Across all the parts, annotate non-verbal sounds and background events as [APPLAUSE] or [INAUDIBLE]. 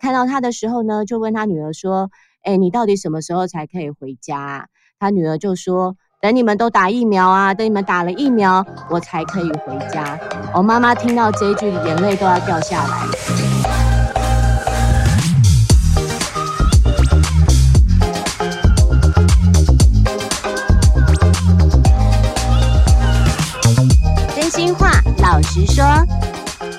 看到她的時候呢，就問她女兒說：“哎，你到底什麼時候才可以回家啊？”她女兒就說：“等你們都打疫苗啊，等你們打了疫苗，我才可以回家。”哦，我媽媽聽到這一句，眼淚都要掉下來。真心話，老實說，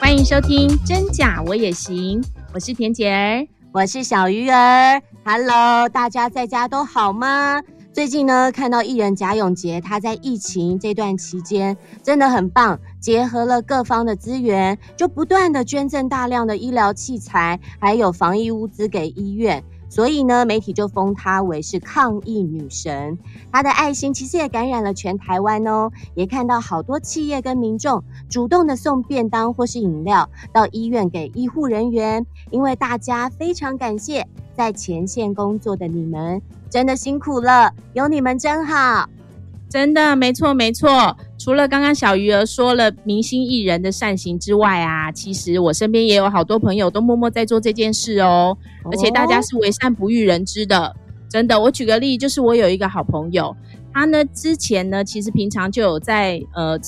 歡迎收聽《真假我也行》。我是恬姐兒，我是小瑜兒。Hello，大家在家都好嗎？最近呢，看到藝人賈永婕，她在疫情這段期間真的很棒，結合了各方的資源，就不斷的捐贈大量的醫療器材還有防疫物資給醫院。所以呢，媒體就封她為是抗疫女神。她的愛心其實也感染了全台灣哦，也看到好多企業跟民眾主動的送便當或是飲料到醫院給醫護人員，因為大家非常感謝在前線工作的你們，真的辛苦了，有你們真好。真的，沒錯，沒錯。除了剛剛小瑜兒說了明星藝人的善行之外啊，其實我身邊也有好多朋友都默默在做這件事哦。而且大家是為善不欲人知的、哦，真的。我舉個例子，就是我有一個好朋友，他呢之前呢其實平常就有在呃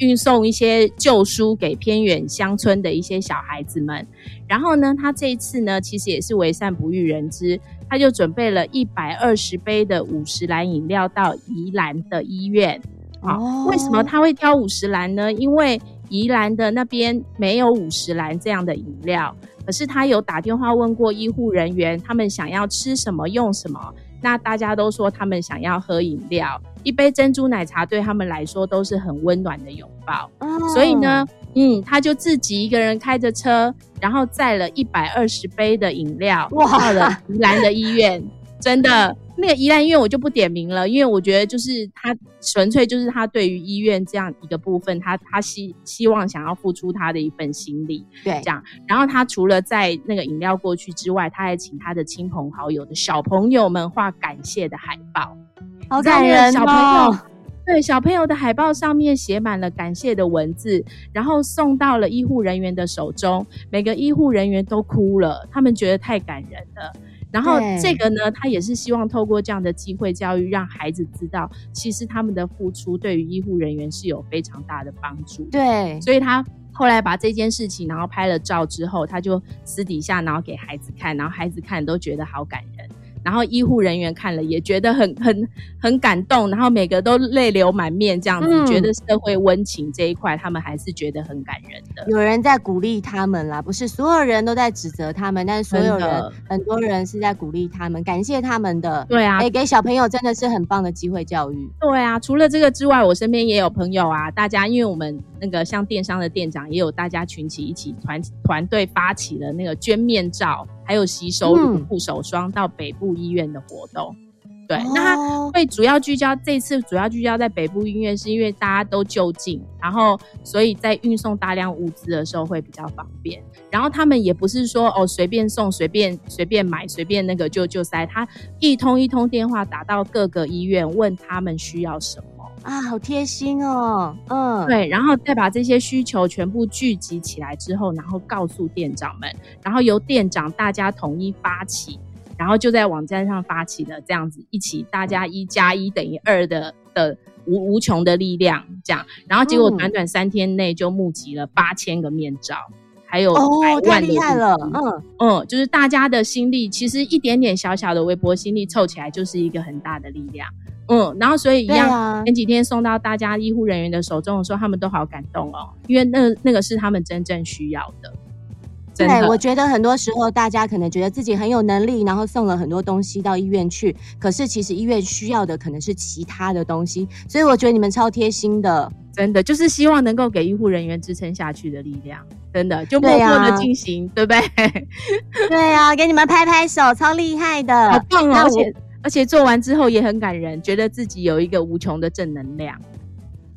運送一些舊書給偏遠鄉村的一些小孩子們。然後呢，他這一次呢其實也是為善不欲人知，他就準備了一百二十杯的五十嵐飲料到宜蘭的醫院。哦哦、為什麼他會挑五十嵐呢？因為宜蘭的那邊沒有五十嵐這樣的飲料，可是他有打電話問過醫護人員，他們想要吃什麼用什麼，那大家都說他們想要喝飲料，一杯珍珠奶茶對他們來說都是很溫暖的擁抱、哦，所以呢，嗯，他就自己一個人開着車，然後載了一百二十杯的飲料到了宜蘭的醫院， [LAUGHS] 真的。那個宜蘭醫院，因為我就不點名了，因為我覺得就是他純粹就是他對於醫院這樣一個部分，他他希希望想要付出他的一份心力，對，這樣。然後他除了在那個飲料過去之外，他還請他的親朋好友的小朋友們畫感謝的海報，好感人哦！小朋友，對，小朋友的海報上面寫滿了感謝的文字，然後送到了醫護人員的手中，每個醫護人員都哭了，他們覺得太感人了。然後這個呢，他也是希望透過這樣的機會教育，讓孩子知道，其實他們的付出對於醫護人員是有非常大的幫助的。對，所以他後來把這件事情，然後拍了照之後，他就私底下然後給孩子看，然後孩子看都覺得好感人。然後醫護人員看了也覺得很很很感動，然後每個都淚流滿面這樣子。嗯，覺得社會溫情這一塊，他們還是覺得很感人的。有人在鼓勵他們啦，不是所有人都在指責他們，但是所有人，很多人是在鼓勵他們，感謝他們的。對啊，哎、欸，給小朋友真的是很棒的機會教育。對啊，除了這個之外，我身邊也有朋友啊，大家因為我們那個像電商的店長，也有大家群起一起團團隊發起的那個捐面罩，還有洗手乳、嗯、護手霜到北部醫院的活動，對，哦、那他會主要聚焦，這次主要聚焦在北部醫院，是因為大家都就近，然後所以在運送大量物資的時候會比較方便。然後他們也不是說哦隨便送、隨便隨便買、隨便那個就就塞，他一通一通電話打到各個醫院，問他們需要什麼。啊，好貼心哦，嗯，對，然後再把這些需求全部聚集起來之後，然後告訴店長們，然後由店長大家統一發起，然後就在網站上發起了這樣子，一起大家一加一等於二的的，的無無窮的力量，這樣，然後結果短短，短三天內就募集了八千個面罩，還有萬，哦，太厲害了，嗯嗯，就是大家的心力，其實一點點小小的微薄心力湊起來就是一個很大的力量。嗯，然後所以一樣，啊、前幾天送到大家醫護人員的手中的時候，他們都好感動哦，嗯、因為那個、那個是他們真正需要的，真的。對，我覺得很多時候大家可能覺得自己很有能力，然後送了很多東西到醫院去，可是其實醫院需要的可能是其他的東西，所以我覺得你們超貼心的，真的就是希望能夠給醫護人員支撐下去的力量，真的就默默的進行，對不、啊、對？ [LAUGHS] 對啊，給你們拍拍手，超厲害的，好棒哦！而且做完之後也很感人，覺得自己有一個無窮的正能量。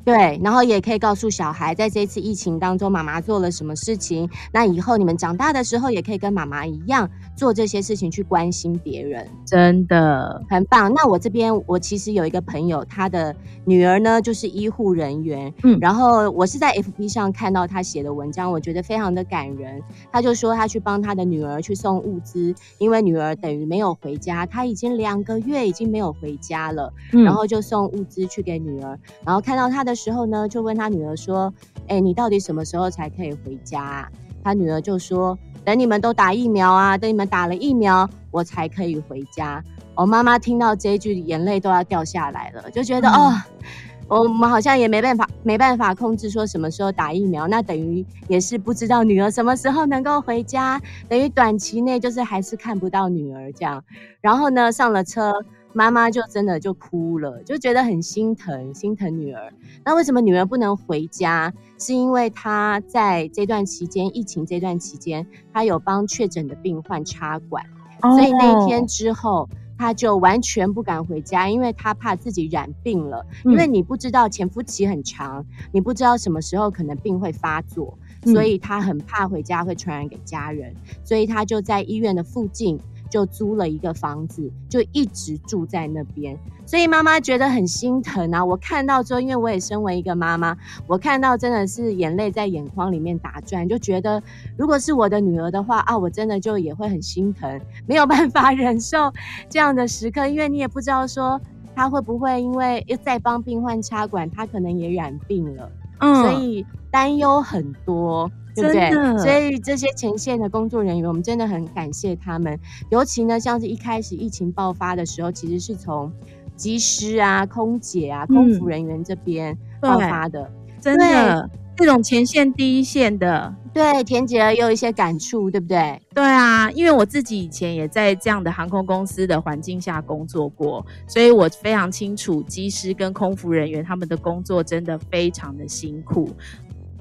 對，然後也可以告訴小孩，在這次疫情當中，媽媽做了什麼事情。那以後你們長大的時候，也可以跟媽媽一樣做這些事情，去關心別人，真的很棒。那我這邊，我其實有一個朋友，他的女兒呢就是醫護人員，嗯，然後我是在 FB 上看到他寫的文章，我覺得非常的感人。他就說他去幫他的女兒去送物資，因為女兒等於沒有回家，她已經兩個月已經沒有回家了，嗯，然後就送物資去給女兒，然後看到她的。的時候呢，就問他女兒說：“哎、欸，你到底什麼時候才可以回家啊？”他女兒就說：“等你們都打疫苗啊，等你們打了疫苗，我才可以回家。”哦，我媽媽聽到這一句，眼淚都要掉下來了，就覺得、嗯、哦，我們好像也沒辦法，沒辦法控制說什麼時候打疫苗，那等於也是不知道女兒什麼時候能夠回家，等於短期內就是還是看不到女兒這樣。然後呢，上了車。媽媽就真的就哭了，就覺得很心疼，心疼女兒。那為什麼女兒不能回家？是因為她在這段期間，疫情這段期間，她有幫確診的病患插管，oh、所以那一天之後，她就完全不敢回家，因為她怕自己染病了。嗯、因為你不知道潛伏期很長，你不知道什麼時候可能病會發作，嗯、所以她很怕回家會傳染給家人，所以她就在醫院的附近。就租了一個房子，就一直住在那邊，所以媽媽覺得很心疼啊！我看到之後，因為我也身為一個媽媽，我看到真的是眼淚在眼眶裡面打轉，就覺得如果是我的女兒的話啊，我真的就也會很心疼，沒有辦法忍受這樣的時刻，因為你也不知道說她會不會因為又在幫病患插管，她可能也染病了。嗯，所以擔憂很多，對不對？所以這些前線的工作人員，我們真的很感謝他們。尤其呢，像是一開始疫情爆發的時候，其實是從機師啊、空姐啊、空、嗯、服人員這邊爆發的，對，真的。對。這種前線第一線的。對，恬姐兒也有一些感觸，對不對？對啊，因為我自己以前也在這樣的航空公司的環境下工作過，所以我非常清楚，機師跟空服人員他們的工作真的非常的辛苦。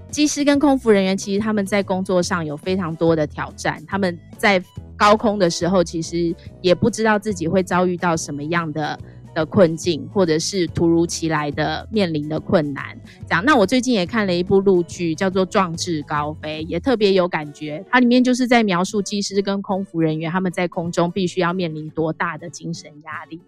機師跟空服人員其實他們在工作上有非常多的挑戰，他們在高空的時候其實也不知道自己會遭遇到什麼樣的。的困境，或者是突如其來的面臨的困難，講，那我最近也看了一部陸劇，叫做《壯志高飛》，也特別有感覺。它裡面就是在描述機師跟空服人員他們在空中必須要面臨多大的精神壓力。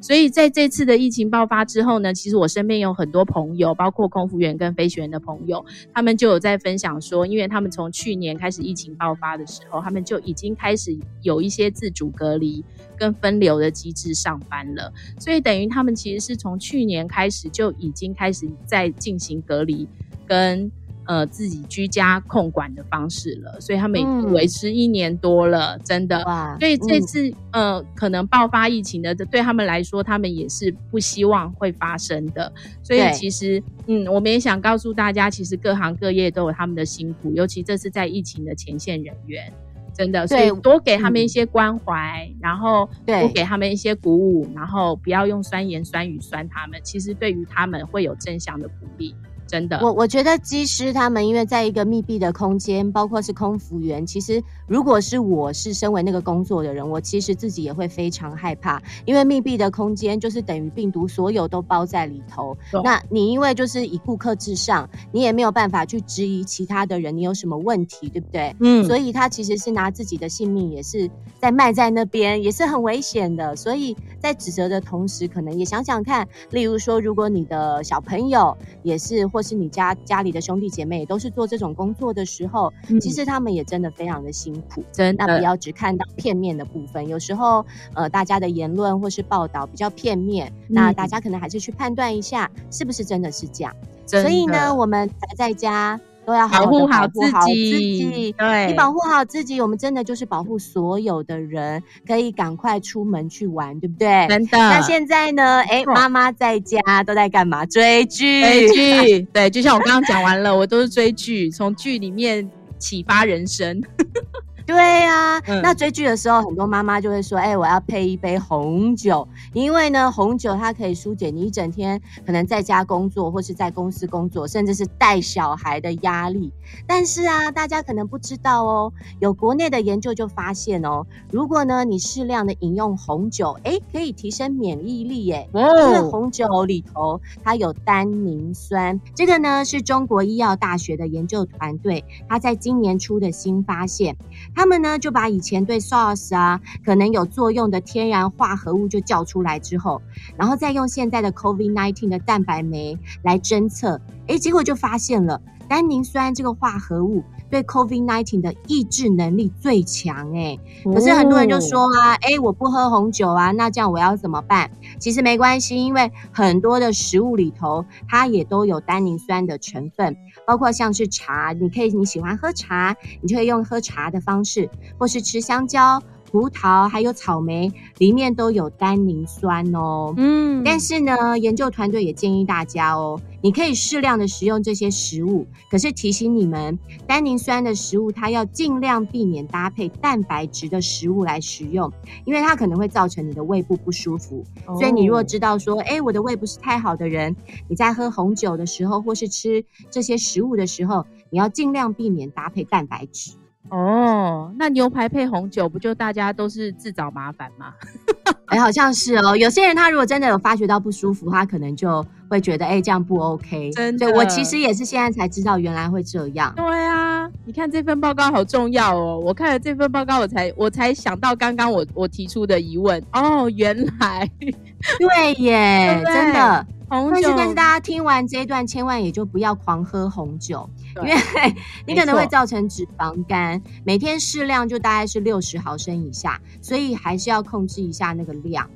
所以在這次的疫情爆發之後呢，其實我身邊有很多朋友，包括空服員跟飛行員的朋友，他們就有在分享說，因為他們從去年開始疫情爆發的時候，他們就已經開始有一些自主隔離跟分流的機制上班了，所以。所以等於他們其實是從去年開始就已經開始在進行隔離跟，跟呃自己居家控管的方式了。所以他們維持一年多了，嗯、真的哇。所以這次、嗯、呃可能爆發疫情的，對他們來說，他們也是不希望會發生的。所以其實嗯，我們也想告訴大家，其實各行各業都有他們的辛苦，尤其這是在疫情的前線人員。真的，所以多給他們一些關懷，然後對，多給他們一些鼓舞，然後不要用酸言酸語酸他們，其實對於他們會有正向的鼓勵。真的，我我覺得機師他們因為在一個密閉的空間，包括是空服員，其實如果是我是身為那個工作的人，我其實自己也會非常害怕，因為密閉的空間就是等於病毒所有都包在裡頭，嗯。那你因為就是以顧客至上，你也沒有辦法去質疑其他的人你有什麼問題，對不對？嗯，所以他其實是拿自己的性命也是在賣在那邊，也是很危險的。所以在指責的同時，可能也想想看，例如說，如果你的小朋友也是或。是你家家裡的兄弟姐妹都是做這種工作的時候，嗯，其實他們也真的非常的辛苦，真的。那不要只看到片面的部分。有時候，呃，大家的言論或是報道比較片面，嗯，那大家可能還是去判斷一下是不是真的是這樣。所以呢，我們宅在家。都要好好保護好自己，對，你保護好自己，我們真的就是保護所有的人，可以趕快出門去玩，對不對？真的。那現在呢？哎、欸，媽媽在家都在幹嘛？追劇，追劇。 [LAUGHS] 對，就像我剛剛講完了， [LAUGHS] 我都是追劇，從劇裡面啟發人生。 [LAUGHS] 對呀、啊嗯，那追劇的時候，很多媽媽就會說：“哎、欸，我要配一杯紅酒，因為呢，紅酒它可以疏解你一整天可能在家工作或是在公司工作，甚至是帶小孩的壓力。但是啊，大家可能不知道哦，有國內的研究就發現哦，如果呢你適量的飲用紅酒，哎、欸，可以提升免疫力耶。哎、哦，因為紅酒裡頭它有單寧酸，這個呢是中國醫藥大學的研究團隊他在今年出的新發現。”他們呢就把以前對 SARS 啊可能有作用的天然化合物就叫出來之後，然後再用現在的 COVID-19 的蛋白酶來偵測，誒，結果就發現了單寧酸這個化合物。對 COVID-19 的抑制能力最強，哎，可是很多人就說啊，哎，我不喝紅酒啊，那這樣我要怎麼辦？其實沒關係，因為很多的食物裡頭，它也都有單寧酸的成分，包括像是茶，你可以你喜歡喝茶，你就可以用喝茶的方式，或是吃香蕉。葡萄還有草莓裡面都有單寧酸哦。嗯，但是呢，研究團隊也建議大家哦，你可以適量的食用這些食物。可是提醒你們，單寧酸的食物它要盡量避免搭配蛋白質的食物來食用，因為它可能會造成你的胃部不舒服。哦，所以你若知道說，誒、欸，我的胃不是太好的人，你在喝紅酒的時候或是吃這些食物的時候，你要盡量避免搭配蛋白質。哦、oh,，那牛排配紅酒不就大家都是自找麻煩嗎？哎、 [LAUGHS] 欸，好像是哦。有些人他如果真的有發覺到不舒服，他可能就會覺得，哎、欸，這樣不 OK。真的對，我其實也是現在才知道，原來會這樣。對啊，你看這份報告好重要哦。我看了這份報告，我才我才想到剛剛我我提出的疑問。哦、oh,，原來， [LAUGHS] 對耶， [LAUGHS] 真的。紅酒，但是，但是大家聽完這一段，千萬也就不要狂喝紅酒。因為你可能會造成脂肪肝，每天適量就大概是六十毫升以下，所以還是要控制一下那個量。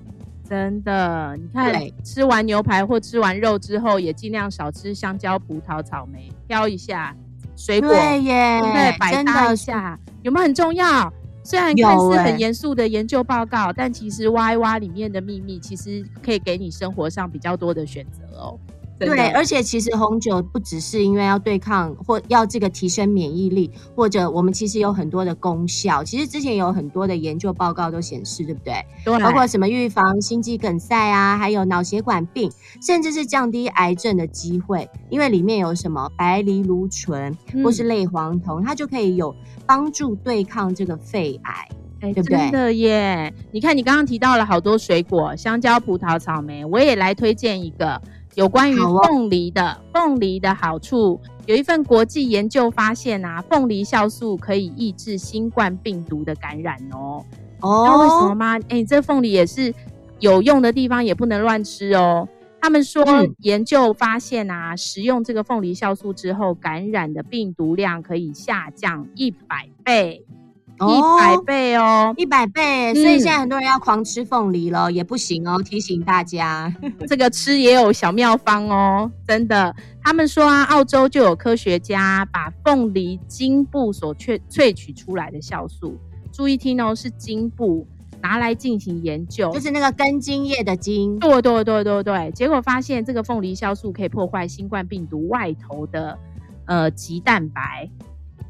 真的，你看吃完牛排或吃完肉之後，也盡量少吃香蕉、葡萄、草莓，挑一下水果，耶，對？百搭一下，有沒有很重要？雖然看似很嚴肅的研究報告，欸、但其實 Y Y 裡面的秘密其實可以給你生活上比較多的選擇哦。對，而且其實紅酒不只是因為要對抗或要這個提升免疫力，或者我們其實有很多的功效。其實之前有很多的研究報告都顯示，對不對？包括什麼預防心肌梗塞啊，還有腦血管病，甚至是降低癌症的機會，因為裡面有什麼白藜蘆醇或是類黃酮，嗯，它就可以有幫助對抗這個肺癌，欸，對不對？真的耶！你看你剛剛提到了好多水果，香蕉、葡萄、草莓，我也來推薦一個。有關於鳳梨的鳳、哦、梨的好處，有一份國際研究發現啊，鳳梨酵素可以抑制新冠病毒的感染哦。哦、oh?，那為什麼嗎？哎、欸，這鳳梨也是有用的地方，也不能亂吃哦。他們說研究發現啊，食、嗯、用這個鳳梨酵素之後，感染的病毒量可以下降一百倍。哦，一百倍哦，一百倍，嗯，所以現在很多人要狂吃鳳梨了，嗯，也不行哦。提醒大家， [LAUGHS] 這個吃也有小妙方哦，真的。他們說啊，澳洲就有科學家把鳳梨莖部所萃萃取出來的酵素，注意聽哦，是莖部拿來進行研究，就是那個根莖葉的莖。對對對對對，結果發現這個鳳梨酵素可以破壞新冠病毒外頭的呃棘蛋白。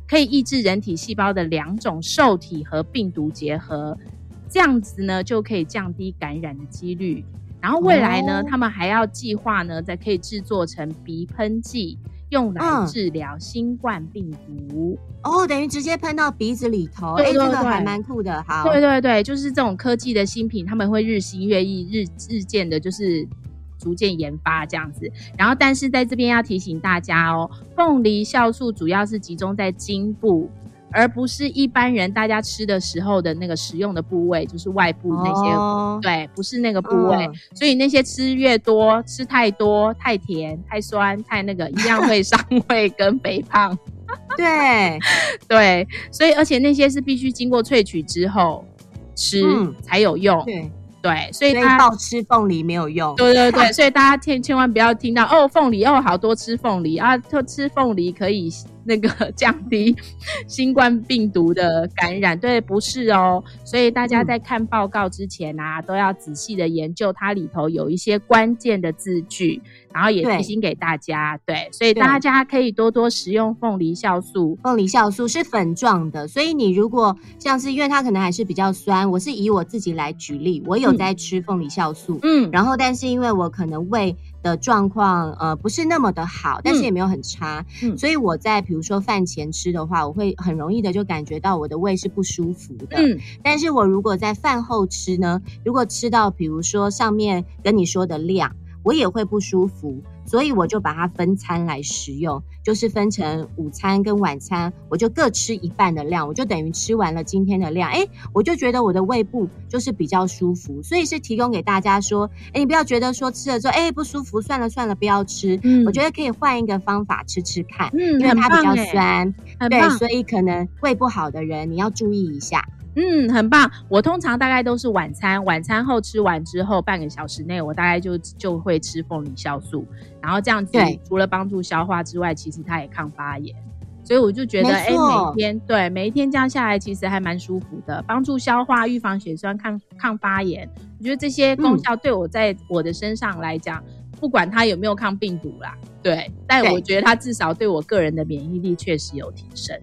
可以抑制人體細胞的兩種受體和病毒結合，這樣子呢就可以降低感染的幾率。然後未來呢，oh. 他們還要計劃呢，再可以制作成鼻噴劑，用來治療新冠病毒。哦、oh. oh,，等於直接噴到鼻子裡頭，對,對,對,對、欸、這個還蠻酷的。哈，對,對對對，就是這種科技的新品，他們會日新月異，日日漸的，就是。逐漸研發這樣子，然後但是在這邊要提醒大家哦，鳳梨酵素，主要是集中在莖部，而不是一般人大家吃的時候的那個食用的部位，就是外部那些，哦、對，不是那個部位，嗯。所以那些吃越多，吃太多，太甜，太酸，太那個，一樣會傷胃跟肥胖。 [LAUGHS] 對對，所以而且那些是必須經過萃取之後吃，嗯，才有用。對。對，所以他所以吃鳳梨沒有用。對對對，所以大家千千萬不要聽到 [LAUGHS] 哦，鳳梨哦，好多吃鳳梨啊，多吃鳳梨可以。那個降低新冠病毒的感染，對，不是哦。所以大家在看報告之前啊，嗯，都要仔細的研究它裡頭有一些關鍵的字句，然後也提醒給大家對。對，所以大家可以多多食用鳳梨酵素。鳳梨酵素是粉狀的，所以你如果像是因為它可能還是比較酸，我是以我自己來舉例，我有在吃鳳梨酵素，嗯，然後但是因為我可能胃的狀況，呃，不是那麼的好，但是也沒有很差，嗯嗯、所以我在比如說飯前吃的話，我會很容易的就感覺到我的胃是不舒服的。嗯、但是我如果在飯後吃呢，如果吃到比如說上面跟你說的量，我也會不舒服。所以我就把它分餐來食用，就是分成午餐跟晚餐，我就各吃一半的量，我就等於吃完了今天的量。哎，我就覺得我的胃部就是比較舒服，所以是提供給大家說，哎，你不要覺得說吃了之後，哎，不舒服，算了算了，不要吃。嗯，我覺得可以換一個方法吃吃看。因為它比較酸，嗯，對，所以可能胃不好的人，你要注意一下。嗯，很棒。我通常大概都是晚餐，晚餐後吃完之後半個小時內，我大概就就會吃鳳梨酵素，然後這樣子，除了幫助消化之外，其實它也抗發炎。所以我就覺得，哎、欸，每天對每一天這樣下來，其實還蠻舒服的，幫助消化、預防血栓、抗抗發炎。我覺得這些功效對我在我的身上來講、嗯，不管它有沒有抗病毒啦，對，但我覺得它至少對我個人的免疫力確實有提升。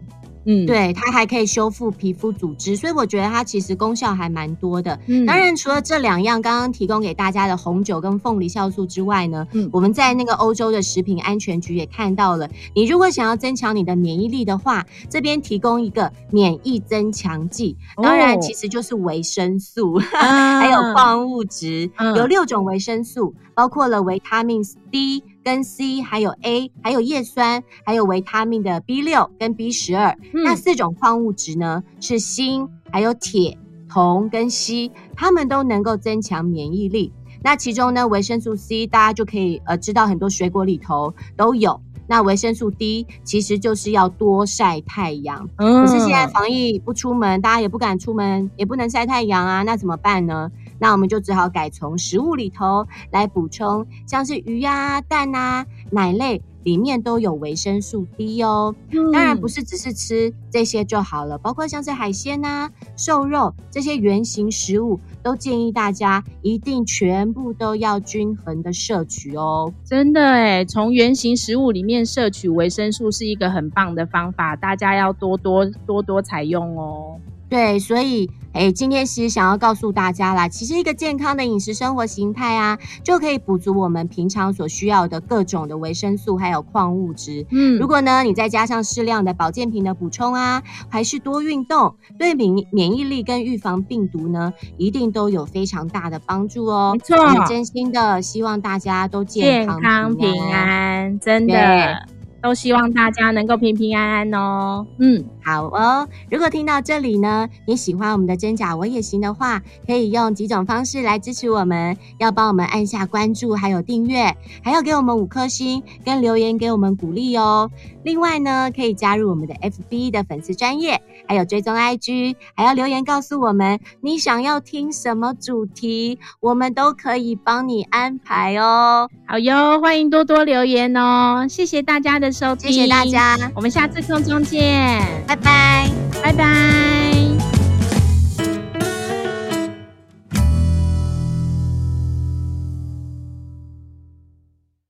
嗯，對，它還可以修復皮膚組織，所以我覺得它其實功效還蠻多的。嗯，當然除了這兩樣剛剛提供給大家的紅酒跟鳳梨酵素之外呢，嗯，我們在那個歐洲的食品安全局也看到了，你如果想要增強你的免疫力的話，這邊提供一個免疫增強劑。當然其實就是維生素，哦、 [LAUGHS] 還有礦物質，嗯，有六種維生素，包括了維他命 D。跟 C 還有 A，還有葉酸，還有維他命的 B 六跟 B 十二。那四種礦物質呢，是鋅、還有鐵、銅跟硒，它們都能夠增強免疫力。那其中呢，維生素 C 大家就可以呃知道很多水果裡頭都有。那維生素 D 其實就是要多曬太陽。嗯。可是現在防疫不出門，大家也不敢出門，也不能曬太陽啊，那怎麼辦呢？那我們就只好改從食物裡頭來補充，像是魚啊、蛋啊、奶類裡面都有維生素 D 哦、嗯。當然不是只是吃這些就好了，包括像是海鮮啊、瘦肉這些原型食物，都建議大家一定全部都要均衡的攝取哦。真的哎，從原型食物裡面攝取維生素是一個很棒的方法，大家要多多多多採用哦。對，所以，哎，今天其實想要告訴大家啦，其實一個健康的飲食生活形態啊，就可以補足我們平常所需要的各種的維生素，還有礦物質。嗯，如果呢，你再加上適量的保健品的補充啊，還是多運動，對免免疫力跟預防病毒呢，一定都有非常大的幫助哦。沒錯，嗯，真心的希望大家都健康平安哦，健康平安，真的。都希望大家能夠平平安安哦。嗯，好哦。如果聽到這裡呢，你喜歡我們的真假我也行的話，可以用幾種方式來支持我們：要幫我們按下關注，還有訂閱，還要給我們五顆星跟留言給我們鼓勵哦。另外呢，可以加入我們的 FB 的粉絲專頁，還有追蹤 IG，還要留言告訴我們你想要聽什麼主題，我們都可以幫你安排哦。好喲，歡迎多多留言哦。謝謝大家的。收謝謝大家，我們下次空中見，拜拜，拜拜。